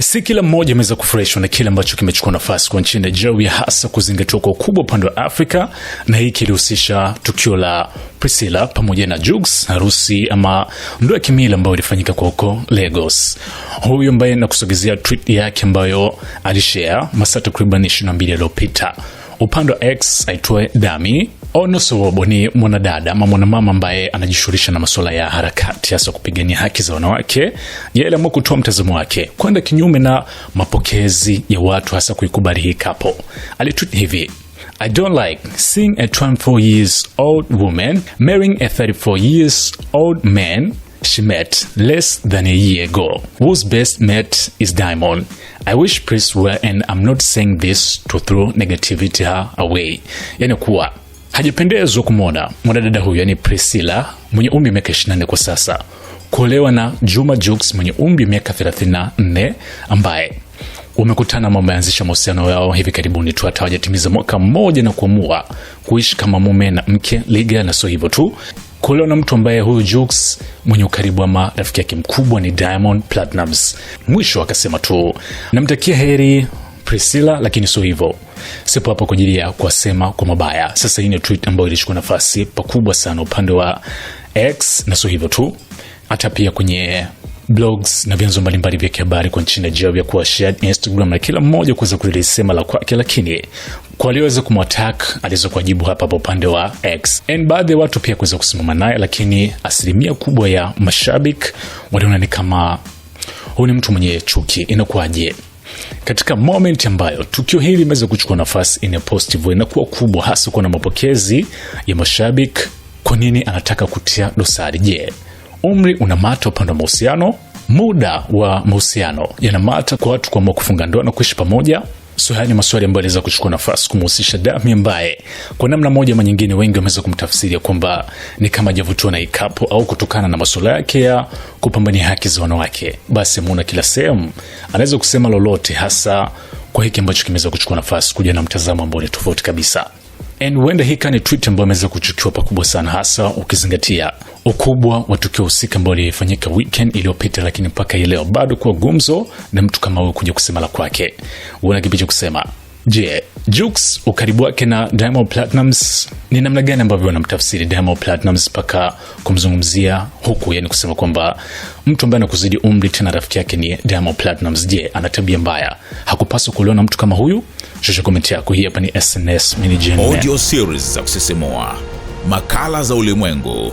Si kila mmoja ameweza kufurahishwa na kile ambacho kimechukua nafasi kwa nchini Nigeria, hasa kuzingatiwa kwa ukubwa upande wa Afrika, na hii kilihusisha tukio la Priscilla pamoja na Jux, harusi ama ndoa ya kimila ambayo ilifanyika kwa huko Lagos. Huyu ambaye nakusogezea tweet yake ambayo alishare masaa takriban 22 yaliyopita, upande wa X aitwaye Dami Onosowobo ni mwanadada ama mwanamama ambaye anajishughulisha na masuala ya harakati hasa kupigania haki za wanawake. Yeye aliamua kutoa mtazamo wake kwenda kinyume na mapokezi ya watu, hasa kuikubali hii kapo. Alitweet hivi: I don't like seeing a 24 years old woman marrying a 34 years old man she met less than a year ago whose best mate is Diamond. I wish priests were and I'm not saying this to throw negativity her away. Yani kuwa hajapendezwa kumwona mwanadada huyu, yani Priscilla mwenye umri wa miaka 24 kwa sasa kuolewa na Juma Jux mwenye umri wa miaka 34 ambaye wamekutana ama wameanzisha mahusiano yao hivi karibuni tu, hata hawajatimiza mwaka mmoja, na kuamua kuishi kama mume na mke liga. Na sio hivyo tu, kuolewa na mtu ambaye huyu Jux mwenye ukaribu ama rafiki yake mkubwa ni Diamond Platnumz. Mwisho akasema tu namtakia heri Priscilla, lakini sio hivyo. Sipo hapa kwa ajili ya kuwasema kwa mabaya. Sasa hii ni tweet ambayo ilichukua nafasi pakubwa sana upande wa X, na sio hivyo tu, hata pia kwenye blogs na vyanzo mbalimbali vya kihabari kwa nchini Nigeria vya kuwa shared Instagram na kila mmoja kuweza kurelease la kwake, lakini kwa aliyoweza kumwattack aliweza kujibu hapa hapa upande wa X, na baadhi ya watu pia kuweza kusimama naye, lakini asilimia kubwa ya mashabiki waliona ni kama huyu ni mtu mwenye chuki. Inakuwaje? katika moment ambayo tukio hili limeweza kuchukua nafasi in a positive way, inakuwa kubwa hasa kwa na mapokezi ya mashabiki. Kwa nini anataka kutia dosari? Je, umri una mata upande wa mahusiano? Muda wa mahusiano yanamata kwa watu kuamua kufunga ndoa na kuishi pamoja? So haya ni maswali ambayo yanaweza kuchukua nafasi kumhusisha Dami ambaye kwa namna moja ama nyingine wengi wameweza kumtafsiria kwamba ni kama ajavutiwa na ikapo au kutokana na masuala yake ya kupambania haki za wanawake, basi muona kila sehemu anaweza kusema lolote, hasa kwa hiki ambacho kimeweza kuchukua nafasi kuja na mtazamo ambao ni tofauti kabisa. And huenda hii ni tweet ambayo ameweza kuchukiwa pakubwa sana, hasa ukizingatia ukubwa wa tukio husika ambalo lilifanyika weekend iliyopita, lakini mpaka hii leo bado kuwa gumzo na mtu kama huyo kuja kusema la kwake. Una kipi cha kusema? Je, Jux ukaribu wake na Diamond Platnumz ni namna gani ambavyo wanamtafsiri Diamond Platnumz mpaka kumzungumzia huku, yani kusema kwamba mtu ambaye anakuzidi umri tena rafiki yake ni Diamond Platnumz, je, ana tabia mbaya? Hakupaswa kuliona mtu kama huyu? Shusha komenti yako. Hii hapa ni SNS Audio series za kusisimua, makala za ulimwengu